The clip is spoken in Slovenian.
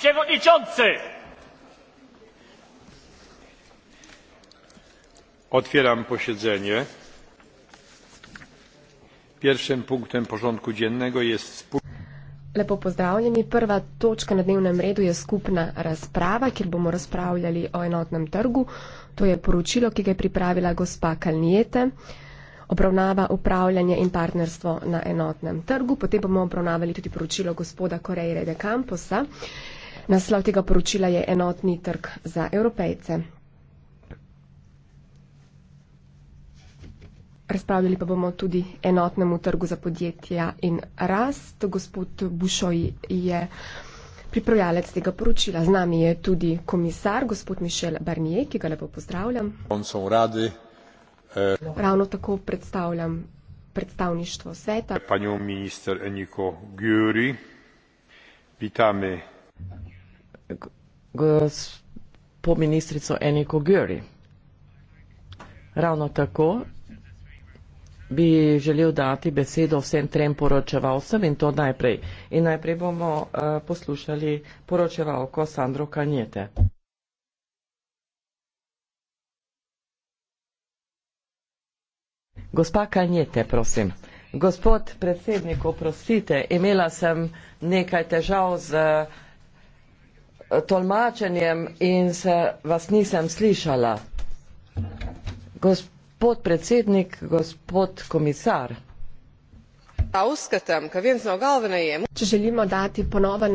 przewodniczący! otwieram posiedzenie. pierwszym punktem porządku dziennego jest Lepo pozdravljeni. Prva točka na dnevnem redu je skupna razprava, kjer bomo razpravljali o enotnem trgu. To je poročilo, ki ga je pripravila gospa Kalnijete. Obravnava upravljanje in partnerstvo na enotnem trgu. Potem bomo obravnavali tudi poročilo gospoda Korejre de Camposa, Naslov tega poročila je enotni trg za evropejce. Razpravljali pa bomo tudi enotnemu trgu za podjetja in rast. Gospod Bušoj je pripravljalec tega poročila. Z nami je tudi komisar, gospod Mišel Barnier, ki ga lepo pozdravljam. Radi, eh, Ravno tako predstavljam predstavništvo sveta. Panjo minister Eniko Gjuri, vitame po ministrico Eniko Göri. Ravno tako bi želel dati besedo vsem trem poročevalcem in to najprej. In najprej bomo uh, poslušali poročevalko Sandro Kanjete. Gospa Kanjete, prosim. Gospod predsednik, oprostite, imela sem nekaj težav z uh, tolmačenjem in se vas nisem slišala. Gospod predsednik, gospod komisar. Če želimo dati ponovno.